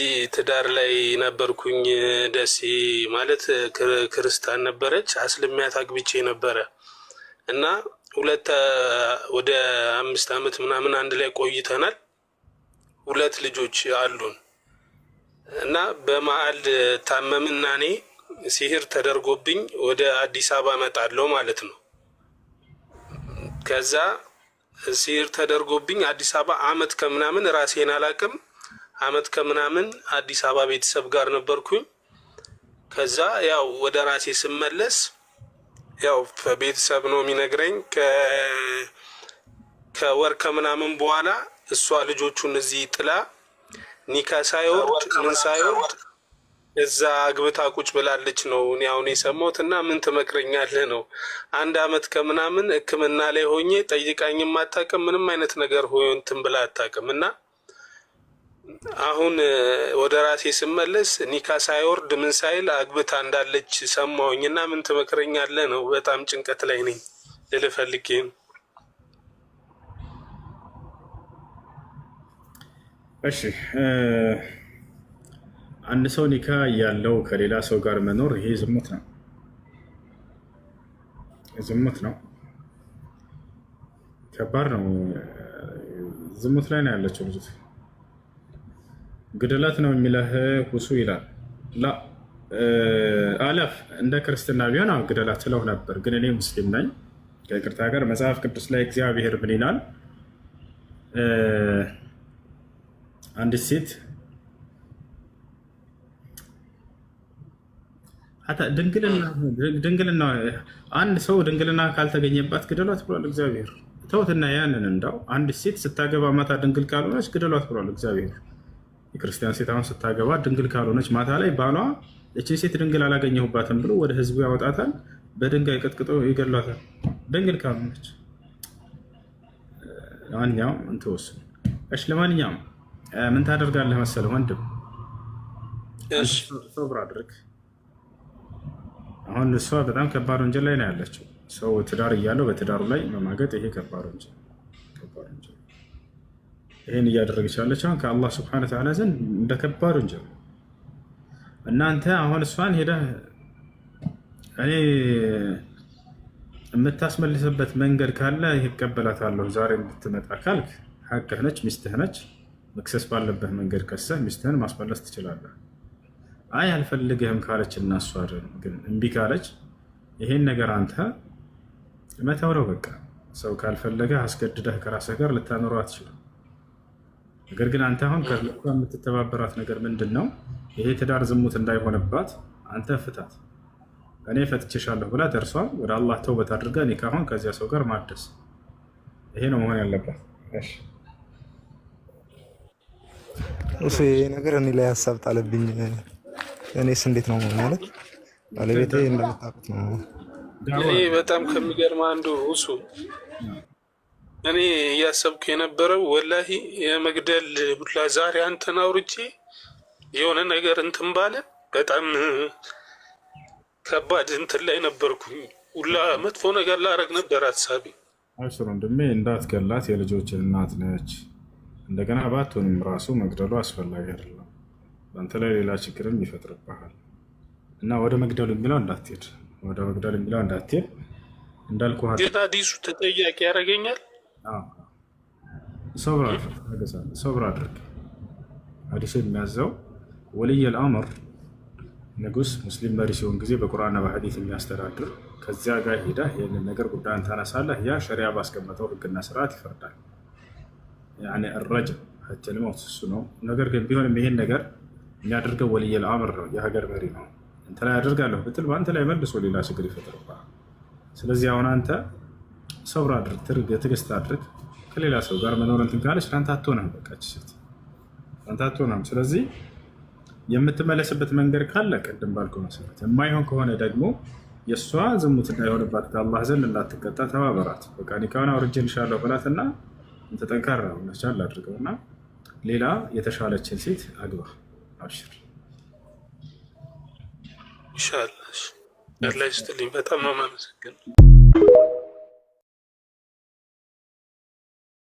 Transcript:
እዚህ ትዳር ላይ ነበርኩኝ። ደሴ ማለት ክርስታን ነበረች። አስልሚያት አግብቼ ነበረ እና ሁለት ወደ አምስት ዓመት ምናምን አንድ ላይ ቆይተናል። ሁለት ልጆች አሉን እና በመሀል ታመምና እኔ ሲህር ተደርጎብኝ ወደ አዲስ አበባ እመጣለሁ ማለት ነው። ከዛ ሲህር ተደርጎብኝ አዲስ አበባ አመት ከምናምን ራሴን አላቅም አመት ከምናምን አዲስ አበባ ቤተሰብ ጋር ነበርኩኝ። ከዛ ያው ወደ ራሴ ስመለስ ያው ቤተሰብ ነው የሚነግረኝ ከወር ከምናምን በኋላ እሷ ልጆቹን እዚህ ጥላ ኒካ ሳይወርድ ምን ሳይወርድ እዛ አግብታ ቁጭ ብላለች ነው እኔ አሁን የሰማሁት። እና ምን ትመክረኛለህ ነው። አንድ አመት ከምናምን ሕክምና ላይ ሆኜ ጠይቃኝም አታውቅም ምንም አይነት ነገር ሆንትን ብላ አታውቅም እና አሁን ወደ ራሴ ስመለስ ኒካ ሳይወርድ ምን ሳይል አግብታ እንዳለች ሰማሁኝ እና ምን ትመክረኛለህ ነው። በጣም ጭንቀት ላይ ነኝ ልልህ ፈልጌ ነው። እሺ አንድ ሰው ኒካ ያለው ከሌላ ሰው ጋር መኖር ይሄ ዝሙት ነው፣ ዝሙት ነው። ከባድ ነው። ዝሙት ላይ ነው ያለችው ልጅት ግድለት ነው የሚለህ ሁሱ ይላል። አለፍ እንደ ክርስትና ቢሆን አሁን ግደላት ስለው ነበር፣ ግን እኔ ሙስሊም ነኝ። ከቅርታ ጋር መጽሐፍ ቅዱስ ላይ እግዚአብሔር ምን ይላል? አንዲት ሴት ድንግልና አንድ ሰው ድንግልና ካልተገኘባት ግደሏት ብሏል እግዚአብሔር። ተውትና ያንን እንዳው አንዲት ሴት ስታገባ ማታ ድንግል ካልሆነች ግደሏት ብሏል እግዚአብሔር። የክርስቲያን ሴት አሁን ስታገባ ድንግል ካልሆነች ማታ ላይ ባሏ እችን ሴት ድንግል አላገኘሁባትም ብሎ ወደ ህዝቡ ያወጣታል። በድንጋይ ቀጥቅጦ ይገሏታል። ድንግል ካልሆነች ለማንኛውም እንትወስኑ እሺ። ለማንኛውም ምን ታደርጋለህ መሰለህ ወንድም ሶብር አድርግ። አሁን እሷ በጣም ከባድ ወንጀል ላይ ነው ያለችው። ሰው ትዳር እያለው በትዳሩ ላይ መማገጥ ይሄ ከባድ ወንጀል ይህን እያደረገች ያለች አሁን ከአላህ ስብሐነ ወተዓላ ዘንድ እንደ ከባድ ወንጀል እናንተ አሁን እሷን ሄደህ እኔ የምታስመልስበት መንገድ ካለ ይቀበላታለሁ ዛሬ እንድትመጣ ካልክ ሀቅህ ነች፣ ሚስትህ ነች። መክሰስ ባለበት መንገድ ከሰህ ሚስትህን ማስመለስ ትችላለህ። አይ አልፈልግህም ካለች እናሷርን ግን እምቢ ካለች ይሄን ነገር አንተ መተውረው በቃ። ሰው ካልፈለገህ አስገድደህ ከራስህ ጋር ልታኖረው አትችልም። ነገር ግን አንተ አሁን ከልኳ የምትተባበራት ነገር ምንድን ነው? ይሄ ትዳር ዝሙት እንዳይሆንባት አንተ ፍታት። እኔ ፈትቼሻለሁ ብላ ደርሷ ወደ አላህ ተውበት አድርጋ ኒካሁን ከዚያ ሰው ጋር ማደስ። ይሄ ነው መሆን ያለባት። እሱ ይሄ ነገር እኔ ላይ ሀሳብ ጣለብኝ። እኔስ እንዴት ነው ማለት ባለቤቴ እንደምታውቁት ነው። በጣም ከሚገርም አንዱ እሱ እኔ እያሰብኩ የነበረው ወላሂ የመግደል ቡላ ዛሬ አንተን አውርቼ የሆነ ነገር እንትን ባለ በጣም ከባድ እንትን ላይ ነበርኩኝ። ሁላ መጥፎ ነገር ላረግ ነበር አሳቢ። አሽሮ ወንድሜ እንዳትገላት፣ የልጆችን እናት ነች። እንደገና ባትሆንም ራሱ መግደሉ አስፈላጊ አይደለም። በአንተ ላይ ሌላ ችግርም ይፈጥርብሃል እና ወደ መግደሉ የሚለው እንዳትሄድ፣ ወደ መግደሉ የሚለው እንዳትሄድ እንዳልኩህ። ጌታ አዲሱ ተጠያቂ ያደርገኛል ሶብር አድርግ። ሀዲሱ የሚያዘው ወልየል አምር ንጉስ ሙስሊም መሪ ሲሆን ጊዜ በቁርአንና በሀዲት የሚያስተዳድር ከዚያ ጋር ሄዳ ይህንን ነገር ጉዳይን ታነሳለህ። ያ ሸሪያ ባስቀመጠው ህግና ስርዓት ይፈርዳል። ረጅ ልሞት እሱ ነው። ነገር ግን ቢሆንም ይሄን ነገር የሚያደርገው ወልየል አምር ነው፣ የሀገር መሪ ነው። እንትን ላይ አደርጋለሁ ብትል በአንተ ላይ መልሶ ሌላ ችግር ይፈጥርባል። ስለዚህ አሁን አንተ ሰብር አድርግ፣ ትርግ ትግስት አድርግ። ከሌላ ሰው ጋር መኖር እንትን ካለች ለአንተ አትሆንም። በቃች ሴት ለአንተ አትሆንም። ስለዚህ የምትመለስበት መንገድ ካለ ቅድም ባልከው መሰረት፣ የማይሆን ከሆነ ደግሞ የእሷ ዝሙት እንዳይሆንባት ከአላህ ዘንድ እንዳትቀጣ ተባበራት። በቃ ኒካሁን አውርጄልሻለሁ ብላትና ተጠንካራ ሆነቻል አድርገውና ሌላ የተሻለችን ሴት አግባ። አብሽር ይሻላሽ። ስትልኝ በጣም ነው የማመሰግነው።